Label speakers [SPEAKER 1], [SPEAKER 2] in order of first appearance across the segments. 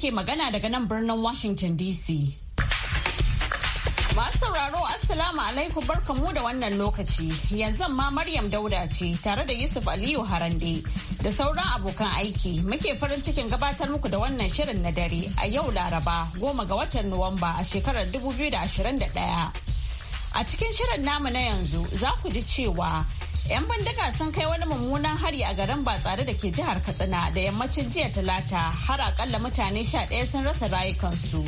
[SPEAKER 1] ke magana daga nan birnin Washington DC. Masu sauraro Assalamu alaikum barkamu da wannan lokaci. Yanzu ma Maryam Dauda ce tare da Yusuf Aliyu Harande da sauran abokan aiki muke farin cikin gabatar muku da wannan shirin na dare a yau Laraba goma ga watan Nuwamba a shekarar 2021. A cikin shirin namu na yanzu za ku ji cewa 'Yan bindiga sun kai wani mummunan hari a garin tsare da ke jihar Katsina da yammacin jiya Talata har akalla mutane sha ɗaya sun rasa rayukansu.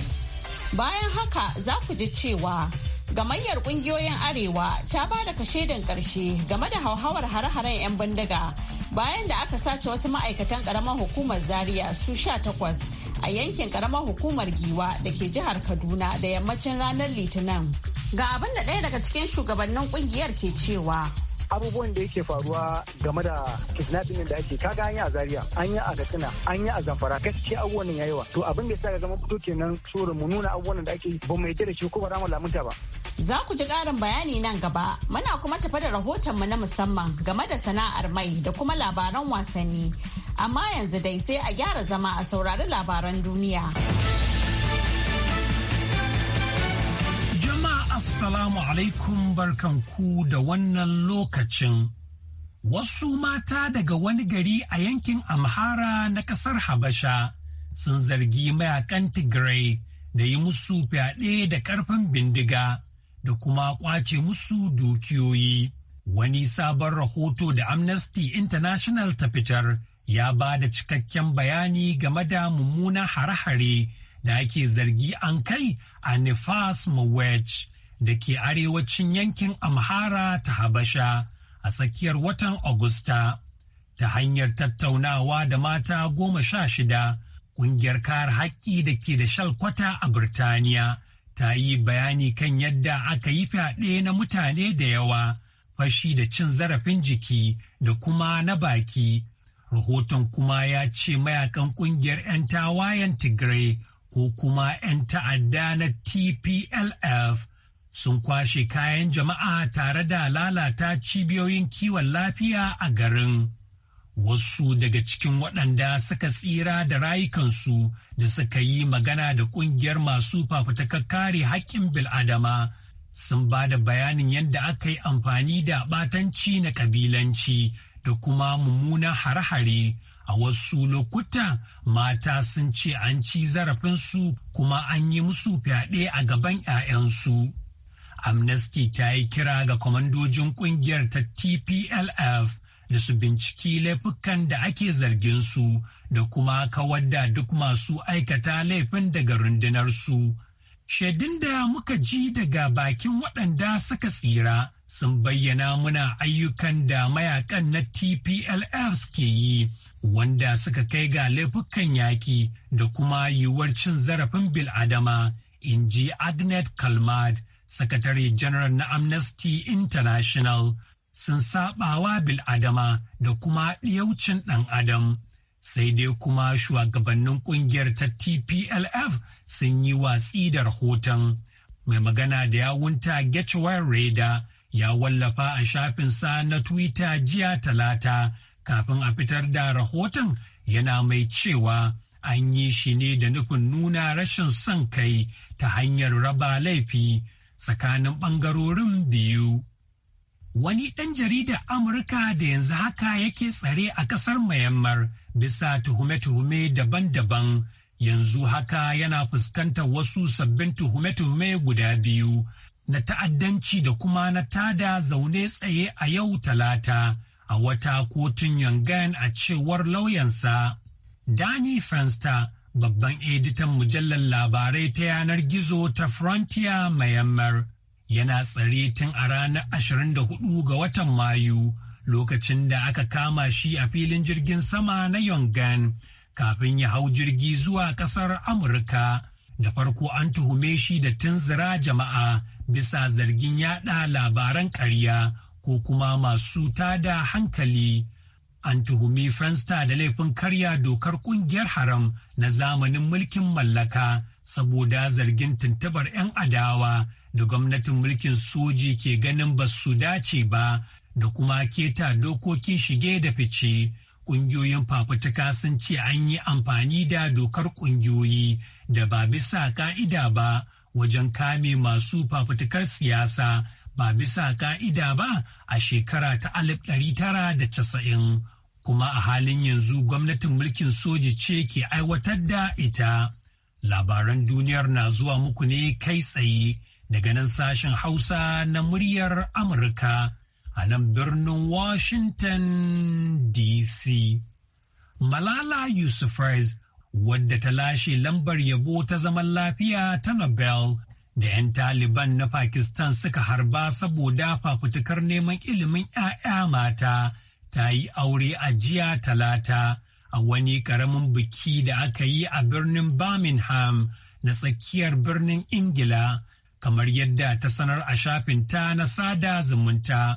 [SPEAKER 1] Bayan haka za ku ji cewa gamayyar ƙungiyoyin Arewa ta ba da kashe kashedin ƙarshe game da hauhawar hare-haren 'yan bindiga bayan da aka sace wasu ma'aikatan ƙaramar hukumar Zaria su sha takwas a yankin karamar hukumar Giwa da ke jihar Kaduna da yammacin ranar Litinin. Ga abin da ɗaya daga cikin shugabannin ƙungiyar ke cewa.
[SPEAKER 2] abubuwan da yake faruwa game da kidnapping da ake kaga an yi a Zaria an yi a Katsina an yi a Zamfara ce abubuwan nan yayi wa to abin da yasa ga zama fito kenan sore mu nuna abubuwan da ake ba
[SPEAKER 3] mu yadda da shi ko ba za mu lamunta ba
[SPEAKER 1] Za ku ji ƙarin bayani nan gaba muna kuma tafa da rahotonmu na musamman game da sana'ar mai da kuma labaran wasanni amma yanzu dai sai a gyara zama a saurari labaran duniya.
[SPEAKER 4] Assalamu alaikum barkanku da wannan lokacin. Wasu mata daga wani gari a yankin Amhara na kasar Habasha sun zargi mayakan Tigray da yi musu fyaɗe da ƙarfin bindiga da kuma ƙwace musu dukiyoyi. Wani sabon rahoto da Amnesty International ta fitar ya ba da cikakken bayani game da mummunan hare-hare da ake zargi an kai a Nefas Mawech da ke arewacin yankin Amhara ta Habasha a tsakiyar watan Agusta ta hanyar tattaunawa da mata goma sha shida ƙungiyar kar haƙƙi da ke da shalkwata a Birtaniya ta yi bayani kan yadda aka yi fyaɗe na mutane da yawa fashi da cin zarafin jiki da kuma na baki. Rahoton kuma ya ce mayakan ƙungiyar 'yan tawayen Tigray ko kuma 'yan ta'adda na TPLF sun kwashe kayan jama'a tare da lalata cibiyoyin kiwon lafiya a garin. Wasu daga cikin waɗanda suka tsira da rayukansu da suka yi magana da ƙungiyar masu fafutakar kare haƙƙin bil'adama sun ba da bayanin yadda aka yi amfani da ɓatanci na ƙabilanci da kuma mummunan hare-hare. a wasu lokuta mata sun ce an ci zarafinsu kuma an yi musu fyaɗe a gaban 'ya'yansu. amnesty ta yi kira ga kwamandojin kungiyar ta tplf da su binciki laifukan da ake zargin su da kuma kawar da duk masu aikata laifin daga rundunar su Shaidun da muka ji daga bakin waɗanda suka tsira sun bayyana muna ayyukan da mayakan na TPLF ke yi wanda suka kai ga laifukan yaƙi da kuma yiwuwar cin zarafin bil'adama, in ji Agnet Kalmad. sakatare general na amnesty international sun saɓawa bil'adama da kuma ɗiyaucin ɗan adam sai dai kuma shugabannin ƙungiyar ta tplf sun yi watsi da rahoton mai magana da yawunta getchwar reda ya wallafa a shafin sa na twitter jiya talata kafin a fitar da rahoton yana mai cewa an yi shi ne da nufin nuna rashin son kai ta hanyar raba laifi tsakanin ɓangarorin biyu. Wani ɗan jaridar Amurka da yanzu haka yake tsare a ƙasar Myanmar bisa tuhume-tuhume daban-daban yanzu haka yana fuskantar wasu sabbin tuhume-tuhume guda biyu na ta'addanci da kuma na tada zaune tsaye a yau talata a wata kotun Yangan a cewar lauyansa. Danny Fenster babban editan mujallar labarai ta yanar gizo ta Frontier Myanmar yana tsare tun a ranar 24 ga watan Mayu lokacin da aka kama shi a filin jirgin sama na Yongan kafin ya hau jirgi zuwa kasar Amurka. Da farko an tuhume shi da tunzira jama'a bisa zargin yada labaran karya, ko kuma masu tada hankali. an tuhumi Fransta da laifin karya dokar kungiyar haram na zamanin mulkin mallaka saboda zargin tuntubar 'yan adawa da gwamnatin mulkin soji ke ganin ba su dace ba da kuma keta dokokin shige da fice. Ƙungiyoyin fafutuka sun ce an yi amfani da dokar ƙungiyoyi da ba bisa ka'ida ba wajen kame masu fafutukar siyasa ba bisa ka'ida ba a shekara ta 1990. kuma a halin yanzu gwamnatin mulkin soji ce ke aiwatar da ita. Labaran duniyar na zuwa muku ne kai tsaye daga nan sashen Hausa na muryar Amurka a nan birnin Washington DC. Malala rais wadda ta lashe lambar yabo ta zaman lafiya ta Nobel da 'yan Taliban na Pakistan suka harba saboda fafutukar neman ilimin 'ya'ya mata ta yi aure a jiya talata a wani ƙaramin biki da aka yi a birnin Birmingham na tsakiyar birnin Ingila kamar yadda ta sanar a shafinta na sada zumunta.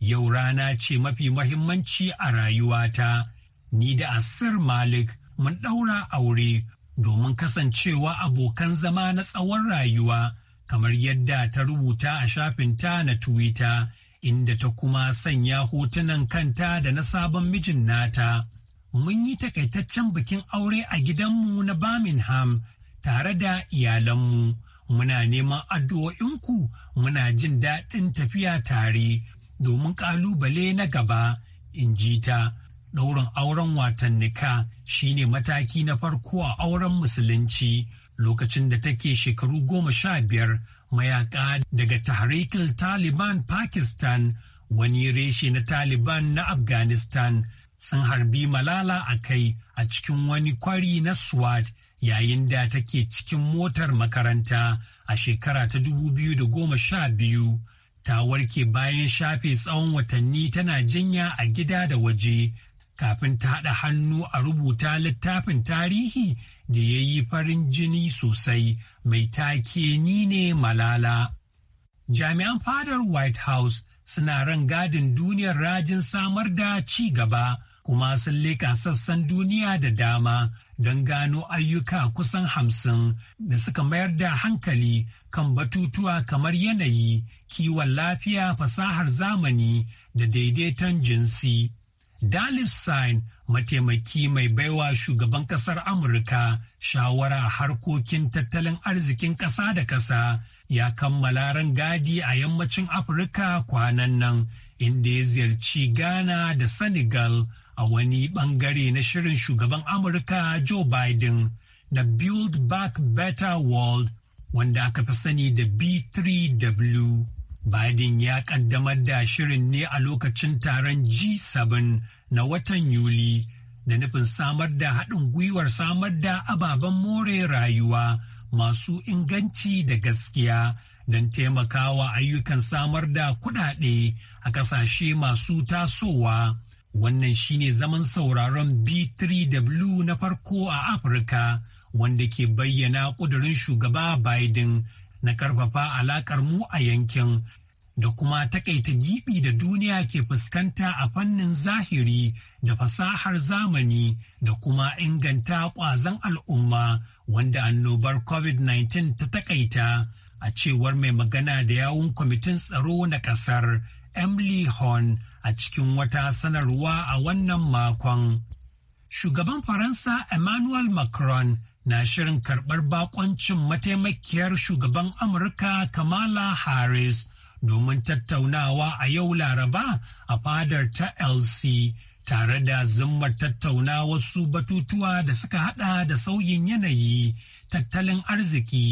[SPEAKER 4] Yau rana ce mafi mahimmanci a rayuwata, ni da Asir Malik mun ɗaura aure domin kasancewa abokan zama na tsawon rayuwa kamar yadda ta rubuta a shafinta na Twitter inda ta kuma sanya hotunan kanta da na sabon mijin nata. Mun yi takaitaccen bikin aure a gidanmu na Birmingham tare da iyalanmu. Muna neman addu'o'inku muna jin daɗin tafiya tare domin ƙalubale na gaba, in ji ta. Ɗaurin auren watan nika ne mataki na farko a auren musulunci lokacin da take shekaru goma sha biyar mayaka daga tahrikin Taliban Pakistan wani reshe na Taliban na Afghanistan sun harbi Malala a kai a cikin wani kwari na Swat yayin da take cikin motar makaranta a shekara ta 2012 ta warke bayan shafe tsawon watanni tana jinya a gida da waje kafin ta haɗa hannu a rubuta littafin tarihi da ya yi farin jini sosai mai take ni ne malala. Jami'an fadar White House suna ran gadin duniyar rajin samar da ci gaba kuma sun leƙa sassan duniya da dama don gano ayyuka kusan hamsin da suka mayar da hankali kan batutuwa kamar yanayi, kiwon lafiya, fasahar zamani da daidaiton jinsi. Dalifstein mataimaki mai baiwa shugaban kasar Amurka shawara harkokin tattalin arzikin ƙasa da ƙasa ya kammala rangadi a yammacin Afirka kwanan nan inda ya ziyarci Ghana da Senegal a wani bangare na shirin shugaban Amurka Joe Biden na Build Back Better World wanda aka fi sani da B3W. Biden ya kaddamar da shirin ne a lokacin taron G7 na watan Yuli da nufin samar da haɗin gwiwar samar da ababen more rayuwa masu inganci da gaskiya don taimakawa ayyukan samar da kuɗaɗe a ƙasashe masu tasowa. Wannan shine zaman sauraron B3W na farko a Afirka wanda ke bayyana ƙudurin shugaba Biden na ƙarfafa alaƙar mu a yankin da kuma takaita gibi da duniya ke fuskanta a fannin zahiri da fasahar zamani da kuma inganta kwazon al'umma wanda annobar covid-19 ta takaita a cewar mai magana da yawun kwamitin tsaro na kasar emily horn a cikin wata sanarwa a wannan makon shugaban faransa emmanuel macron na shirin karɓar bakoncin mataimakiyar shugaban amurka kamala harris domin tattaunawa a yau Laraba a fadar ta LC tare da zimmar tattauna wasu batutuwa da suka hada da sauyin yanayi, tattalin arziki,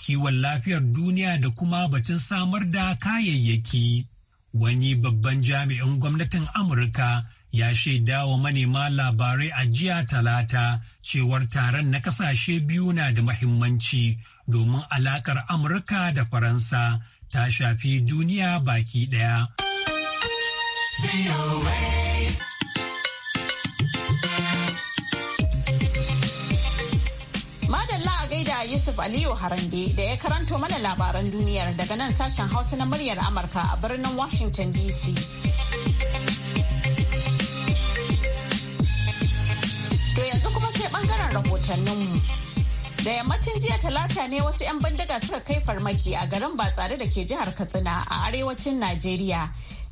[SPEAKER 4] kiwon lafiyar duniya da kuma batun samar da kayayyaki. Wani babban jami'in gwamnatin Amurka ya shaida wa manema labarai a jiya talata cewar taron na kasashe biyu na da mahimmanci domin alakar Amurka da Faransa ta shafi duniya baki ɗaya.
[SPEAKER 1] Madalla a gaida Yusuf Aliyu Harande da ya karanto mana labaran duniyar daga nan sashen Hausa na muryar Amurka a birnin Washington DC. To yanzu kuma sai bangaren rahotanninmu. Da yammacin jiya talata ne wasu 'yan bindiga suka kai farmaki a garin Batsare da ke jihar Katsina a arewacin Najeriya.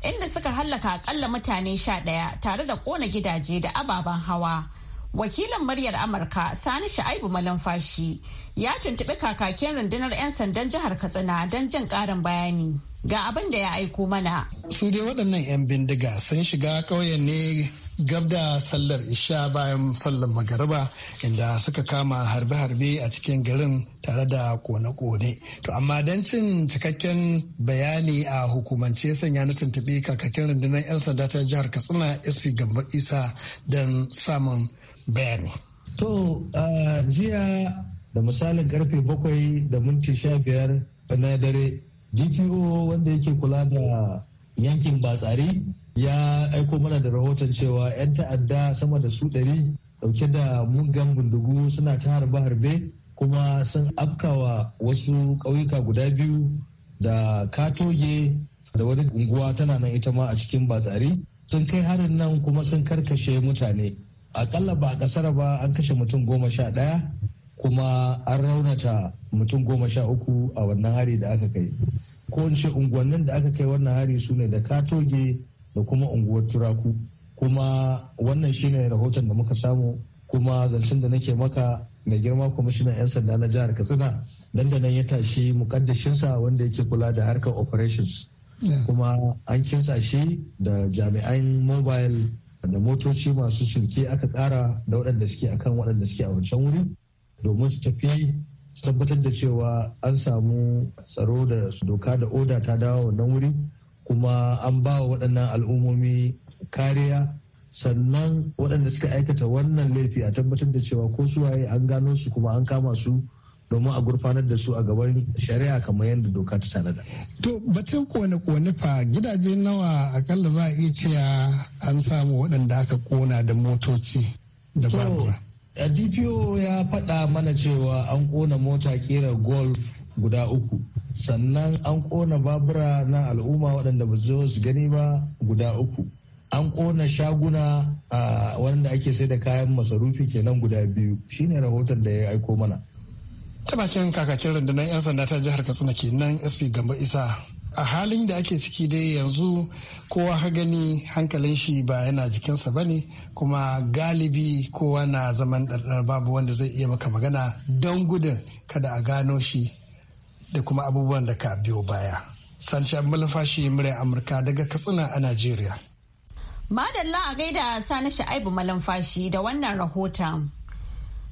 [SPEAKER 1] Inda suka hallaka akalla mutane sha ɗaya tare da kona gidaje da ababen hawa. Wakilin muryar Amurka Sani Sha'aibu Malamfashi ya tuntuɓi kakakin rundunar 'yan sandan jihar Katsina don jin ƙarin bayani. Ga abin da ya aiko mana.
[SPEAKER 5] Su dai waɗannan 'yan bindiga sun shiga ƙauyen ne gab da sallar isha bayan sallar magariba inda suka kama harbe-harbe a cikin garin tare da kone-kone to amma don cin cikakken bayani a hukumance sanya na tuntuɓi kakakin rundunar 'yan sanda ta jihar katsina sp gamba isa don samun bayani to jiya da misalin karfe bakwai da minti sha biyar
[SPEAKER 6] na dare dpo wanda yake kula da yankin batsari ya aiko mana da rahoton cewa 'yan ta'adda sama da su ɗari dauke da mugan bindigu suna ta harbe-harbe kuma sun afkawa wasu ƙauyuka guda biyu da katoge da wani unguwa tana nan ita ma a cikin batsari sun kai harin nan kuma sun karkashe mutane akalla ba a ƙasar ba an kashe mutum goma sha ɗaya kuma an raunata mutum goma sha uku a wannan hari da aka kai ko in ce unguwannin da aka kai wannan hari su ne da katoge da kuma unguwar turaku kuma wannan shine rahoton da muka samu kuma zancen da nake maka mai girma kwamishinan 'yan sanda na jihar katsina da nan ya tashi mukaddashinsa wanda yake kula da harkar operations kuma an kinsa shi da jami'an mobile da motoci masu shirke aka kara da waɗanda suke akan waɗanda suke a wancan wuri domin su tafi tabbatar da cewa an samu tsaro da doka da oda ta dawo wannan wuri kuma an ba wa waɗannan al'ummomi kariya sannan waɗanda suka aikata wannan laifi a tabbatar da cewa ko suwaye an gano su kuma an kama su domin a gurfanar da su a gaban shari'a kamar yadda doka ta tanada.
[SPEAKER 5] To batun kone-kone fa gidaje nawa akalla za a iya cewa an samu waɗanda aka kona da motoci da babura.
[SPEAKER 6] a DPO ya faɗa mana cewa an kona mota kera golf guda uku sannan an kona babura na al'umma waɗanda ba zo su gani ba guda uku an kona shaguna a wanda ake sai da kayan masarufi kenan guda
[SPEAKER 5] biyu shine rahoton da ya aiko mana ta bakin kakakin rundunar 'yan sanda ta jihar katsina kenan sp gamba isa a halin da ake ciki dai yanzu kowa ka gani hankalin shi ba yana jikinsa ba ne kuma galibi kowa na zaman ɗarɗar babu wanda zai iya maka magana don gudun kada a gano shi da kuma abubuwan da ka biyo baya. Sanshab Malafashi murya Amurka daga Katsina a Najeriya.
[SPEAKER 1] Madalla a gaida Sani Sha'aibu Malamfashi da wannan rahoton.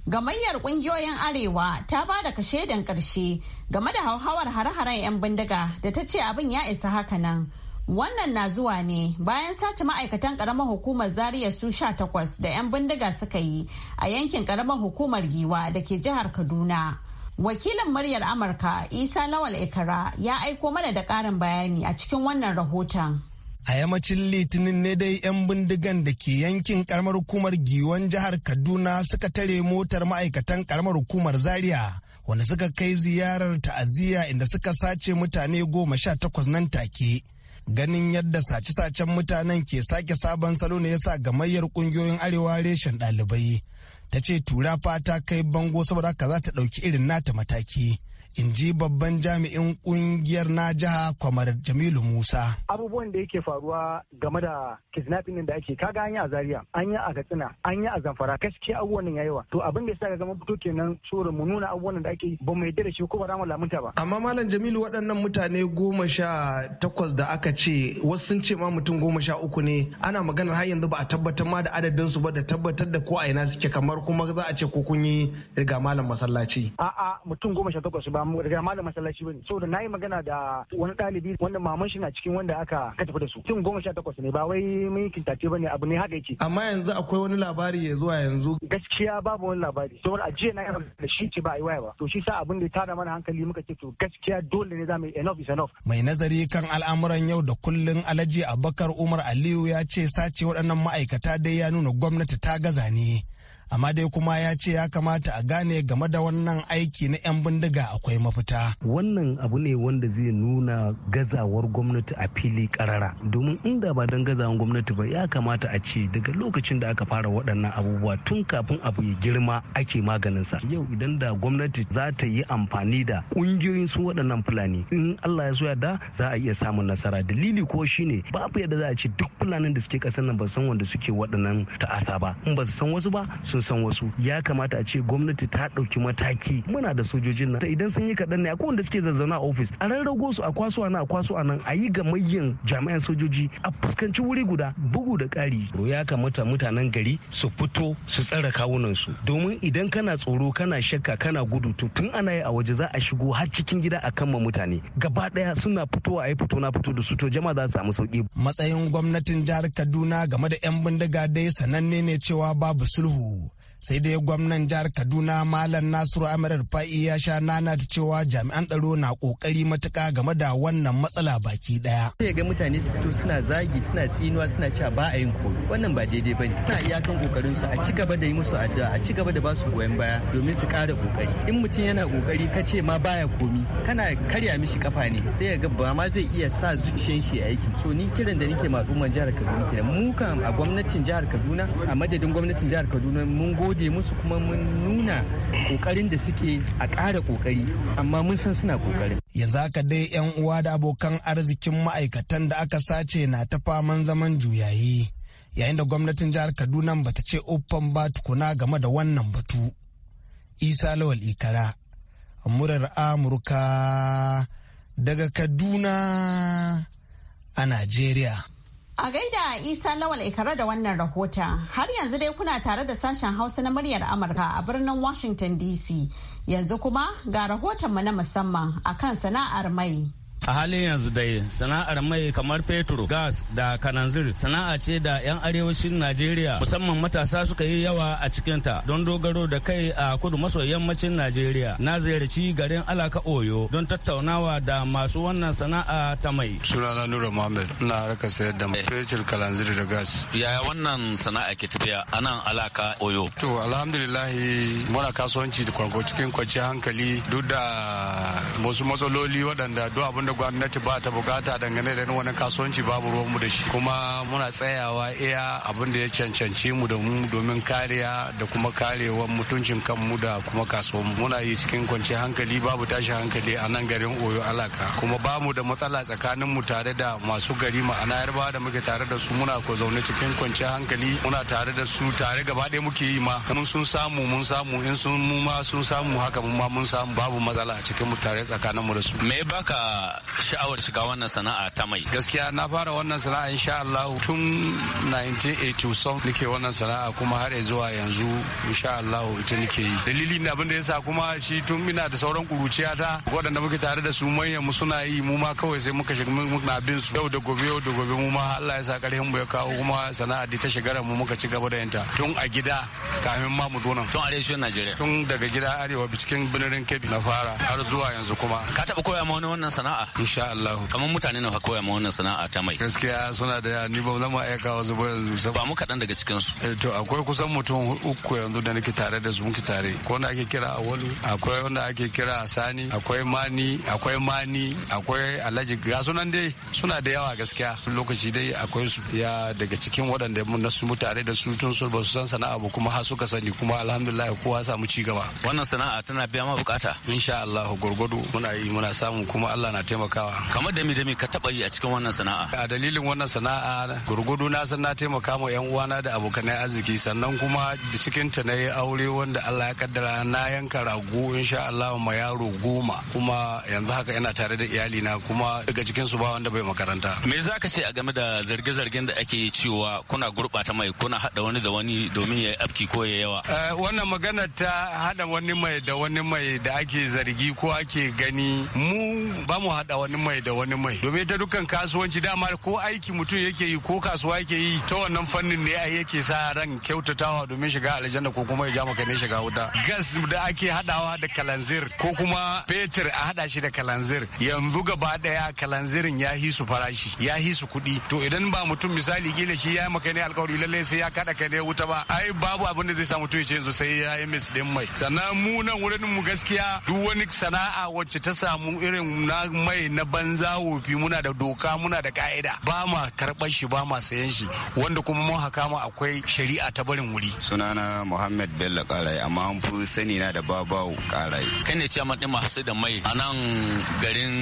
[SPEAKER 1] Gamayyar kungiyoyin Arewa ta ba da kashedin ƙarshe game da hauhawar hare-haren 'yan bindiga da ta ce abin ya isa haka nan. Wannan na zuwa ne bayan sace ma'aikatan karamar hukumar Zaria su sha takwas da 'yan bindiga suka yi a yankin karamar hukumar Giwa da ke jihar Kaduna. Wakilin muryar Amurka Isa Lawal Ikara ya aiko mana da ƙarin bayani a cikin wannan rahoton.
[SPEAKER 2] A yammacin litinin ne dai 'yan bindigan da ke yankin karamar hukumar giwon jihar Kaduna suka tare motar ma'aikatan karamar hukumar Zaria wanda suka kai ziyarar ta'aziyya inda suka sace mutane goma sha takwas nan take. ganin yadda sace-sacen mutanen ke sake sabon salo ne yasa gamayyar kungiyoyin arewa reshen ɗalibai ta ce tura fa ta kai bango saboda haka za ta ɗauki irin nata mataki in ji babban jami'in kungiyar na jiha kwamar jamilu musa
[SPEAKER 6] abubuwan da yake faruwa game
[SPEAKER 2] da kidnapping da ake kaga an yi a zaria an yi a katsina an yi a zamfara kaske abubuwan nan yawa to abin da yasa ga zama fito kenan tsoron mu nuna abubuwan da ake ba mu yadda da shi ko ba za mu lamunta ba amma malam jamilu waɗannan mutane goma sha takwas da aka ce wasu sun ce ma mutum goma sha uku ne ana maganar har yanzu ba a tabbatar ma da adadin su ba da tabbatar da ko a ina suke kamar kuma za a ce ko kun yi riga malam masallaci a'a mutum goma sha takwas ba ba mu riga malam masallaci bane saboda nayi magana da wani dalibi wanda maman shi na cikin wanda aka katifa da su tun goma sha takwas ne ba wai mun yi kintace bane abu ne haka yake amma yanzu akwai wani labari ya zuwa yanzu gaskiya babu wani labari saboda a jiya na yi da shi ce ba a yi waya ba to shi sa abin da ya tara mana hankali muka ce to gaskiya dole ne za mu yi enough is enough mai nazari kan al'amuran yau da kullun alhaji abubakar umar aliyu ya ce sace waɗannan ma'aikata dai ya nuna gwamnati ta gaza ne amma dai kuma ya ce ya kamata a gane game da wannan aiki na 'yan bindiga akwai mafita
[SPEAKER 3] wannan abu ne wanda zai nuna gazawar gwamnati a fili karara domin inda ba don gazawar gwamnati ba ya kamata a ce daga lokacin da aka fara waɗannan abubuwa tun kafin abu ya girma ake maganin sa. yau idan da gwamnati za ta yi amfani da ƙungiyoyin su waɗannan fulani in allah ya so da za a iya samun nasara dalili ko shine babu yadda za a ce duk fulanin da suke ƙasar nan ba san wanda suke waɗannan ta'asa ba in ba su san wasu ba su sun san wasu ya kamata a ce gwamnati ta ɗauki mataki muna da sojojin nan idan sun yi kaɗan ne akwai wanda suke zazzauna a ofis a rarrago su a kwaso nan a kwaso a nan a yi gamayyan jami'an sojoji a fuskanci wuri guda bugu da ƙari ya kamata mutanen gari su fito su tsare kawunan su domin idan kana tsoro kana shakka kana gudu to tun ana yi a waje za a shigo har cikin gida a kan mutane gaba ɗaya suna fitowa a yi fito na fito da su to jama'a za su samu sauki
[SPEAKER 2] matsayin gwamnatin jihar kaduna game da 'yan bindiga dai sananne ne cewa babu sulhu sai dai gwamnan jihar kaduna malam nasiru amir fa'i ya sha nana ta cewa jami'an tsaro na kokari matuka game da wannan matsala baki daya
[SPEAKER 3] sai ga mutane su fito suna zagi suna tsinuwa suna cewa ba a yin koyo wannan ba daidai ba ne. suna iyakan kokarin su a ci gaba da yi musu addu'a a ci gaba da ba su goyon baya domin su kara kokari in mutum yana kokari ka ce ma baya komi kana karya mishi kafa ne sai ga ba ma zai iya sa zuciyan shi aiki. so ni kiran da nake ma jihar Kaduna kenan mu kan a gwamnatin jihar Kaduna a madadin gwamnatin jihar Kaduna mun go gode musu kuma mun nuna kokarin da suke a ƙara kokari amma mun san suna kokarin yanzu
[SPEAKER 2] haka dai yan uwa da abokan arzikin ma'aikatan da aka sace na ta faman zaman juyayi yayin da gwamnatin jihar kaduna ba ta ce uffan ba tukuna game da wannan batu isa lawal ikara murar amurka daga kaduna a najeriya
[SPEAKER 1] A gaida Isa Lawal Ikara da wannan rahota har yanzu dai kuna tare da sashen Hausa na muryar Amurka a birnin Washington DC. Yanzu kuma ga rahoton rahotonmu na musamman akan sana'ar mai.
[SPEAKER 7] a halin yanzu dai sana'ar mai kamar fetur gas da kananzir sana'a ce da 'yan arewacin najeriya musamman matasa suka yi yawa a cikinta don dogaro da kai a kudu maso yammacin najeriya na ziyarci garin alaka oyo don tattaunawa
[SPEAKER 8] da masu wannan sana'a ta mai sunana nura muhammad ina haraka sayar da fetur kananzir da gas
[SPEAKER 7] yaya wannan sana'a ke tafiya a nan alaka oyo
[SPEAKER 8] to alhamdulillahi muna kasuwanci da cikin kwanciyar hankali duk da wasu matsaloli waɗanda duk abin da gwamnati ba ta bukata dangane da wani kasuwanci babu ruwanmu da shi kuma muna tsayawa iya abin da ya cancanci mu da mu domin kariya da kuma karewar mutuncin kanmu da kuma kasuwanmu muna yi cikin kwanci hankali babu tashi hankali a nan garin oyo alaka kuma ba mu da matsala tsakanin mu tare da masu gari ma'ana yarba da muke tare da su muna ko zaune cikin kwanci hankali muna tare da su tare gaba ɗaya muke yi ma mun sun samu mun samu in sun mu ma sun samu haka mun ma mun samu babu matsala a cikin mu tare tsakanin mu da su me
[SPEAKER 7] baka sha'awar shiga wannan sana'a ta mai
[SPEAKER 8] gaskiya na fara wannan sana'a insha Allah tun son nake wannan sana'a kuma har zuwa yanzu insha Allah ita nake yi dalili na abin da yasa kuma shi tun ina da sauran kuruciya ta waɗanda muke tare da su manyan mu suna yi mu ma kawai sai muka shiga muna bin su yau da gobe yau da gobe mu ma Allah ya sa ƙarfin mu ya kawo kuma sana'a da ta shigara mu muka ci gaba da yanta tun a gida kafin ma mu zo nan tun arewacin Najeriya tun daga gida arewa cikin birnin Kebbi na fara har zuwa yanzu kuma ka
[SPEAKER 7] taɓa koya ma wani wannan sana'a
[SPEAKER 8] insha Allah kamar mutane na koya ma wannan sana'a ta mai gaskiya suna da yawa ni ba zan ma aika wasu ba yanzu ba mu kaɗan daga cikin su eh, to akwai kusan mutum uku yanzu da nake tare da su muke tare ko wanda ake kira awalu akwai wanda ake kira sani akwai mani akwai mani akwai alhaji ga sunan dai suna da yawa gaskiya lokaci dai akwai su ya daga cikin waɗanda nasu mu tare da su tun su ba su san sana'a ba kuma har suka sani kuma alhamdulillah kowa samu ci gaba
[SPEAKER 7] wannan sana'a tana biya ma bukata insha Allah gurgudu muna yi muna samu kuma
[SPEAKER 8] Allah na taimaka taimakawa
[SPEAKER 7] kamar da mi ka taba yi a cikin wannan sana'a
[SPEAKER 8] a dalilin wannan sana'a gurgudu na san na taimaka ma yan uwana da abokanai arziki sannan kuma da cikin ta yi aure wanda Allah ya kaddara na yanka rago insha Allah ma yaro goma kuma yanzu haka ina tare da iyali na kuma daga cikin su ba wanda bai makaranta
[SPEAKER 7] me za ka ce a game da zarge-zargen da ake cewa kuna gurbata mai kuna hada wani da wani domin ya afki ko ya yawa
[SPEAKER 8] eh, wannan magana ta hada wani mai da wani mai da ake zargi ko ake gani mu ba mu hada wani mai da wani mai domin ta dukkan kasuwanci dama ko aiki mutum yake yi ko kasuwa yake yi ta wannan fannin ne ai yake sa ran kyautatawa domin shiga aljanna ko kuma ya ja maka ne shiga wuta gas da ake hadawa da kalanzir ko kuma petir a hada shi da kalanzir yanzu gaba daya kalanzirin ya hi su farashi ya hi su kuɗi to idan ba mutum misali gila shi ya maka ne alkawari lallai sai ya kada ka ne wuta ba ai babu abin da zai sa mutum ya ce yanzu sai ya yi mis din mai sannan mu nan wurin mu gaskiya duk wani sana'a wacce ta samu irin na mai kawai na banza wofi muna da doka muna da ka'ida ba ma karɓar shi ba ma sayan shi wanda kuma mun haka mu akwai shari'a ta barin wuri
[SPEAKER 9] sunana muhammad bello karai amma an fi sani na da babawo karai
[SPEAKER 8] kai ne
[SPEAKER 7] ciyaman din masu sai da mai a nan garin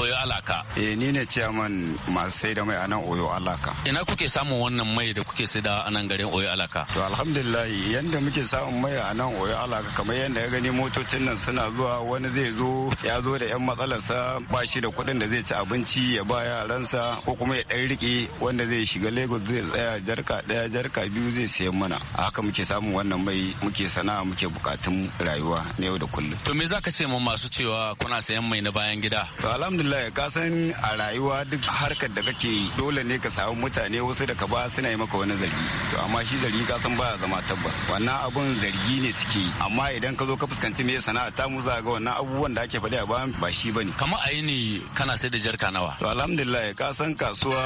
[SPEAKER 9] oyo alaka eh ni ne man masu sai da mai a nan oyo alaka
[SPEAKER 7] ina kuke samun wannan mai da kuke sai da a nan garin oyo alaka to alhamdulillah yanda muke samun mai a nan oyo
[SPEAKER 9] alaka kamar yanda ya gani motocin nan suna zuwa wani zai zo ya zo da yan matsalarsa ba shi shi da kuɗin da zai ci abinci ya ba yaransa ko kuma ya ɗan riƙe wanda zai shiga lagos zai tsaya jarka ɗaya jarka biyu zai sayan mana a haka muke samun wannan mai muke sana'a muke bukatun rayuwa na yau da kullum.
[SPEAKER 7] to me za ka ce ma masu cewa kuna sayan mai na bayan gida. to
[SPEAKER 9] alhamdulillah ka san a rayuwa duk harkar da kake dole ne ka samu mutane wasu da ka ba suna yi maka wani zargi to amma shi zargi ka san baya zama tabbas wannan abun zargi ne suke amma idan ka zo ka fuskanci me sana'a ta mu za ga wannan abubuwan da ake faɗi a bayan ba shi bane.
[SPEAKER 7] kamar a yi ne kana sai da jarka nawa
[SPEAKER 9] to alhamdulillah ka san kasuwa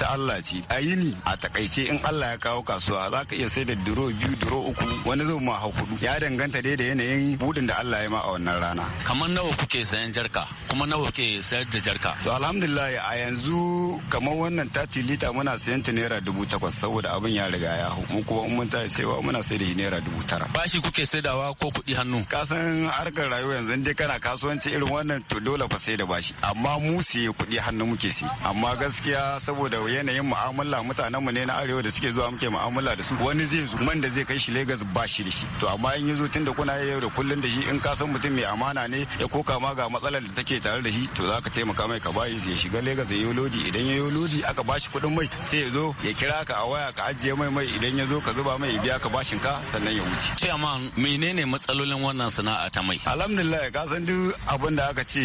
[SPEAKER 9] ta Allah ce a yini a takaice in Allah ya kawo kasuwa za ka iya sai da duro biyu duro uku wani zo ma ha hudu ya danganta dai da yanayin budin da Allah ya ma a wannan rana
[SPEAKER 7] kamar nawa kuke sayan jarka kuma nawa kuke sayar da jarka to
[SPEAKER 9] alhamdulillah a yanzu kamar wannan 30 lita muna sayan ta naira dubu takwas saboda abin ya riga ya hu mu kuma mun ta saiwa muna sai da naira dubu tara
[SPEAKER 7] bashi kuke saidawa
[SPEAKER 9] ko kuɗi hannu ka san harkar rayuwa yanzu dai kana kasuwanci irin wannan to dole fa sai da bashi amma mu siye kuɗi hannu muke siye amma gaskiya saboda yanayin mu'amala mutanen mu ne na arewa da suke zuwa muke mu'amala da su wani zai zo man da zai kai shi Legas ba shi da shi to amma in yazo tunda kuna yau da kullun da shi in ka san mutum mai amana ne ya koka ma ga matsalar da take tare da shi to za ka taimaka mai ka bayi ya shiga Legas ya yi lodi idan ya yi lodi aka ba shi kuɗin mai sai ya zo ya kira ka a waya ka ajiye mai mai idan ya zo ka zuba mai ya biya ka bashin ka sannan ya wuce.
[SPEAKER 7] Chairman menene
[SPEAKER 9] matsalolin wannan sana'a ta mai? Alhamdulillah ka san duk abin da aka ce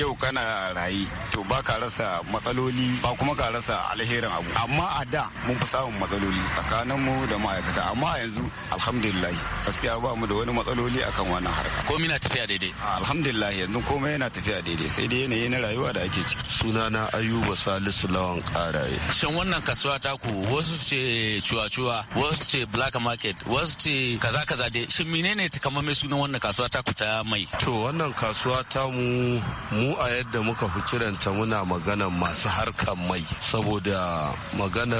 [SPEAKER 9] yau kana kana raye to ba ka rasa matsaloli ba kuma ka rasa alherin abu amma a da mun fi samun matsaloli tsakanin mu da ma'aikata amma yanzu alhamdulillah gaskiya ba mu da wani matsaloli akan wannan harka
[SPEAKER 7] komai na tafiya daidai
[SPEAKER 9] alhamdulillah yanzu komai yana tafiya daidai sai dai yanayi na rayuwa da ake ciki sunana ayuba salisu lawan karaye
[SPEAKER 7] shin wannan kasuwa ta ku wasu ce cuwa-cuwa wasu ce black market wasu ce kaza-kaza dai shin menene ta kama mai sunan wannan kasuwa ta ku ta mai
[SPEAKER 10] to wannan kasuwa ta mu mu a yadda muka fi kiranta muna magana masu harkar mai saboda magana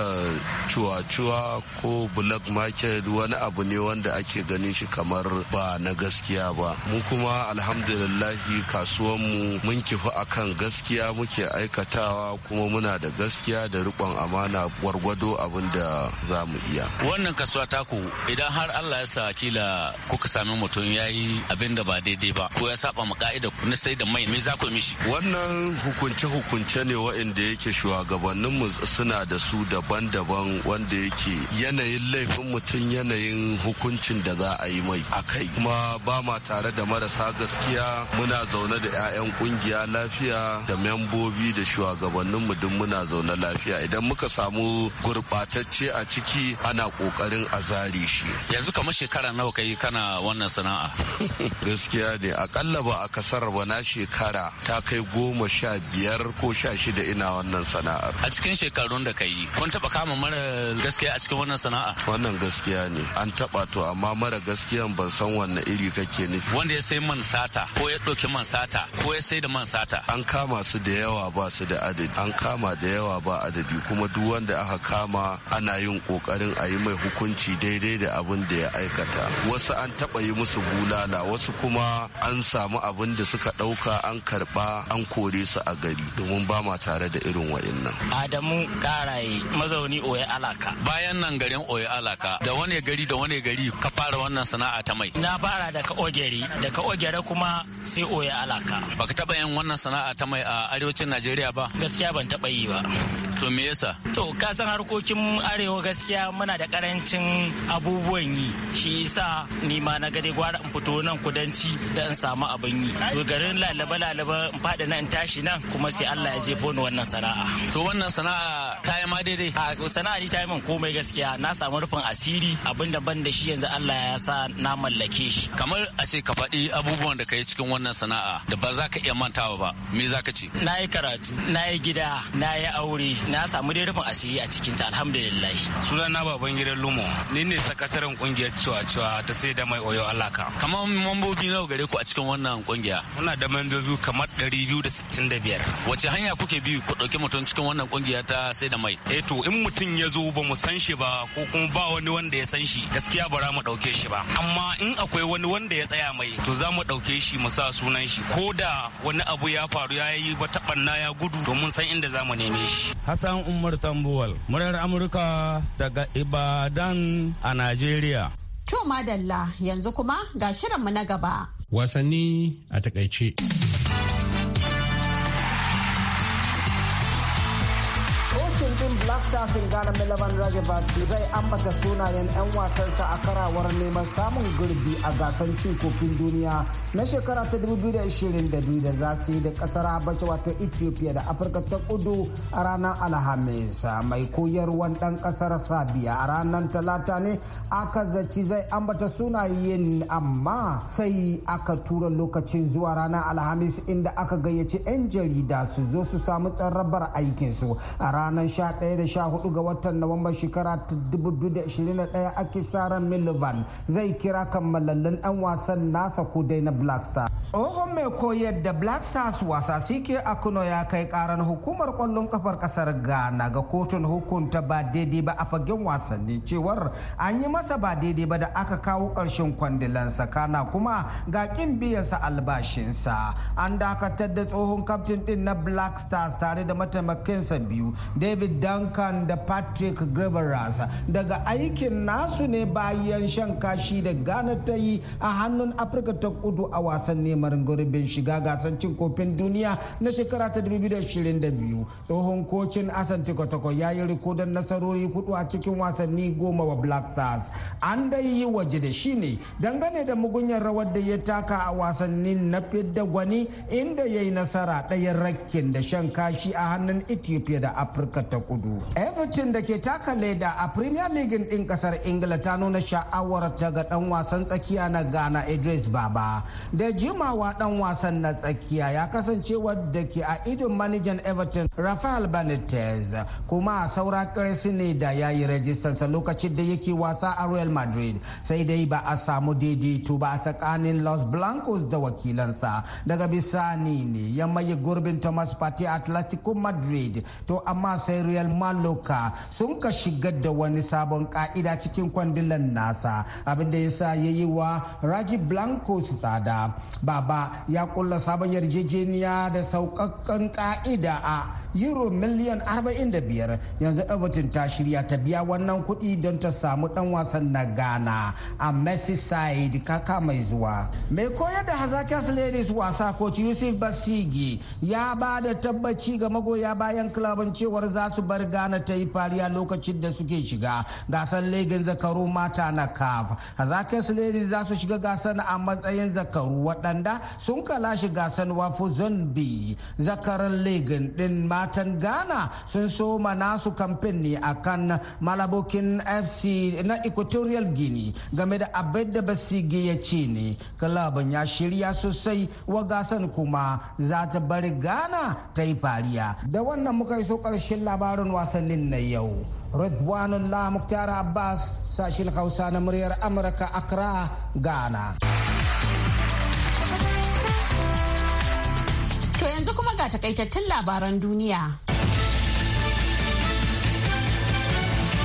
[SPEAKER 10] cuwa-cuwa ko black market wani abu ne wanda ake ganin shi kamar ba na gaskiya ba mu kuma alhamdulillahi kasuwanmu mun kifi akan gaskiya muke aikatawa kuma muna da gaskiya da rikon amana gwargwado abin da za mu iya
[SPEAKER 7] wannan kasuwa taku idan har allah ya sa kila kuka sami mutum ya yi abin da ba daidai ba ko ya saba ma ka'ida na sai da mai me za ku mishi
[SPEAKER 10] wannan hukunce-hukunce ne waɗanda yake shugabanninmu suna da su daban-daban wanda yake yanayin laifin mutum yanayin hukuncin da za a yi mai a kai kuma ba ma tare da marasa gaskiya muna zaune da 'ya'yan kungiya lafiya da membobi da shugabanninmu duk muna zaune lafiya idan muka samu gurɓatacce a ciki ana ƙoƙarin a zare shi
[SPEAKER 7] yanzu kamar shekara nawa kai kana wannan sana'a gaskiya ne akalla ba a kasar ba na shekara ta kai goma sha
[SPEAKER 10] biyar ko sha shida ina wannan sana'ar
[SPEAKER 7] a cikin shekarun da ka yi kun taba kama mara gaskiya a cikin wannan sana'a
[SPEAKER 10] wannan gaskiya ne an taba to amma mara gaskiyan ban san wanne iri kake ne wanda
[SPEAKER 7] ya sai man sata ko ya ɗauki man sata ko ya sai da man sata an kama
[SPEAKER 10] su da yawa ba su da adadi an kama da yawa ba adadi kuma duk wanda aka kama ana yin kokarin a yi mai hukunci daidai da abin da ya aikata wasu an taba yi musu bulala wasu kuma an samu abin da suka ɗauka an karɓa. an kore su a gari domin ba ma tare da irin wa'annan.
[SPEAKER 9] Adamu Karaye mazauni Oye Alaka.
[SPEAKER 7] Bayan nan garin Oye Alaka da wani gari da wani gari ka fara wannan sana'a ta mai.
[SPEAKER 9] Na fara daga ogere. daga Ogere kuma sai Oye Alaka.
[SPEAKER 7] Baka taba yin wannan sana'a ta mai a arewacin Najeriya ba? Gaskiya ban taba yi ba. To me yasa? To
[SPEAKER 9] ka san harkokin arewa gaskiya muna da karancin abubuwan yi. Shi yasa ni ma na gade gwara in fito nan kudanci da in samu abin yi. To garin lalaba lalaba in faɗi nan tashi nan kuma sai Allah ya jefo ni wannan sana'a to wannan sana'a ta yi ma daidai a sana'a ni ta yi min komai gaskiya na samu rufin asiri abinda ban da shi yanzu Allah ya sa na mallake shi
[SPEAKER 7] kamar a ce ka faɗi abubuwan da ka yi cikin wannan sana'a da ba za ka iya mantawa ba me za ka ce na
[SPEAKER 9] yi karatu na yi gida na yi aure na samu dai rufin asiri a cikin ta alhamdulillah
[SPEAKER 7] sunan na baban gidan lumo ni ne sakataren kungiyar cewa cewa ta sai da mai oyo alaka kamar mambobi nawa gare ku a cikin wannan kungiya muna da mambobi kamar ɗari biyu biyar. wace hanya kuke bi ku ɗauki mutum cikin wannan kungiya ta sai da mai eh to in mutum ya zo ba mu san shi ba ko kuma ba wani wanda ya san shi gaskiya ba za mu ɗauke shi ba amma in akwai wani wanda ya tsaya mai to za mu ɗauke shi mu sa sunan shi ko da wani abu ya faru ya yi wata ɓanna ya gudu to mun san inda za mu neme shi hassan umar tambuwal muryar amurka daga ibadan a najeriya
[SPEAKER 1] to madalla yanzu kuma ga shirinmu na gaba
[SPEAKER 8] wasanni a takaice
[SPEAKER 1] blackstars ghana milavan
[SPEAKER 11] rajabati zai ambata sunayen 'yan sa a karawar neman samun gurbi a gasar cin kofin duniya na shekara ta 2022 da za su yi da kasar habasha wato ethiopia da afirka ta kudu a ranar alhamis mai koyarwan dan kasar sabiya a ranar talata ne aka zaci zai ambata sunayen amma sai aka tura lokacin zuwa ranar alhamis inda aka gayyaci 'yan jarida su zo su samu tsarrabar aikinsu a ranar 11 da 14 ga watan nawamba shekara ta 2021 sa ran Milivan zai kira kammalallin 'yan wasan nasa ko dai na Black Stars. Tsohon mai koyar da Black Stars wasa Sike Akuno ya kai karan hukumar kwallon kafar kasar Ghana ga kotun hukunta ba daidai ba a fagen wasanni cewar an yi masa ba daidai ba da aka kawo ƙarshen kwandilansa kana kuma ga kin biyansa albashinsa. An dakatar da tsohon kaftin din na Black Stars tare da mataimakinsa biyu David Dunk Duncan da Patrick Graveras daga aikin nasu ne bayan shan kashi da Ghana ta yi a hannun Afirka ta kudu a wasan neman gurbin shiga gasar cin kofin duniya na shekara ta 2022. Tsohon kocin Asan Tikotoko ya yi rikodon nasarori hudu a cikin wasanni goma wa Black Stars. An dai yi waje da shi ne dangane da mugunyar rawar da ya taka a wasannin na fidda gwani inda ya yi nasara ɗayan rakkin da shan kashi a hannun Ethiopia da Afirka ta kudu. everton da ke taka leda a premier league din kasar ingila ta nuna sha'awar ta ga dan wasan tsakiya na ghana idris baba da jimawa dan wasan na tsakiya ya kasance wadda ke a idon manajan everton rafael benitez kuma a saura kirsi ne da ya yi rajistansa lokacin da yake wasa a real madrid sai dai ba a samu daidaito ba a tsakanin los blancos da wakilansa daga bisani ne ya maye gurbin thomas party atletico madrid to amma sai real madrid amurka sun ka shigar da wani sabon ka'ida cikin kwandilan nasa abin da sa ya yi wa raji blanco su tsada baba ya kulla sabon yarjejeniya da sauƙaƙƙen ka'ida a euro miliyan 45 yanzu everton ta shirya ta biya wannan kuɗi don ta samu ɗan wasan na ghana a merseyside kaka mai zuwa mai koyar da hazakas ladies wasa ko yusuf basigi ya ba da tabbaci ga magoya bayan kilabin cewar za su bar ghana ta yi fariya lokacin da suke shiga gasar legan zakaru mata na caf hazakas ladies za su shiga gasar a matsayin zakaru waɗanda sun kalashi gasar wafu zombi zakaran legin din ma matan ghana sun soma nasu kamfen ne akan malabokin fc na equatorial guinea game da abin da basige ya ce ne kalaban ya shirya sosai wa gasan kuma za ta bari ghana ta yi fariya da wannan muka iso karshen labarin wasannin na yau Ridwanullah Muktar Abbas sashin Hausa na muryar Amurka Accra, Ghana.
[SPEAKER 1] To yanzu kuma ga takaitattun labaran duniya.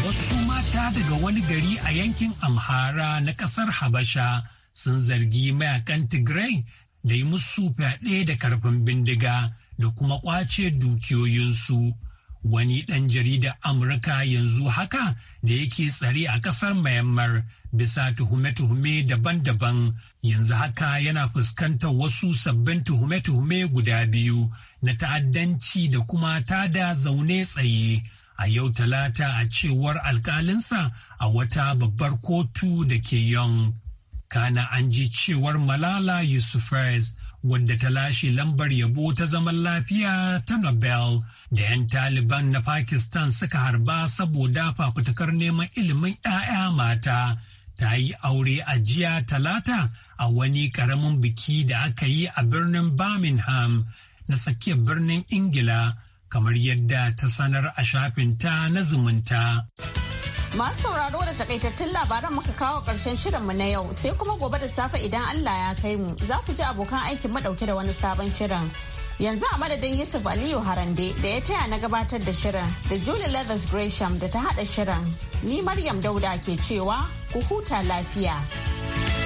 [SPEAKER 1] Wasu
[SPEAKER 4] mata daga wani gari a yankin Amhara na kasar Habasha sun zargi mayakan Tigray da yi musu fyaɗe da karfin bindiga da kuma ƙwace dukiyoyinsu. Wani ɗan jarida Amurka yanzu haka da yake tsare a ƙasar Myanmar bisa tuhume-tuhume daban-daban yanzu haka yana fuskantar wasu sabbin tuhume-tuhume guda biyu na ta'addanci da kuma ta da zaune tsaye a yau talata a cewar alkalinsa a wata babbar kotu da ke yon kana an ji cewar malala yusufres wadda ta lashe lambar yabo ta zaman lafiya ta nobel da 'yan taliban na pakistan suka harba saboda fafutukar neman ilimin 'ya'ya mata ta yi aure a jiya talata a wani ƙaramin biki da aka yi a birnin Birmingham na tsakiyar birnin Ingila kamar yadda ta sanar a shafinta na zumunta.
[SPEAKER 1] Masu sauraro da takaitattun labaran muka kawo ƙarshen shirinmu na yau sai kuma gobe da safe idan Allah ya kai mu za ku ji abokan aikin madauke da wani sabon shirin. yanzu a madadin yusuf aliyu harande da ya taya na gabatar da shirin da julie leathers gresham da ta hada shirin ni maryam dauda ke cewa ku huta lafiya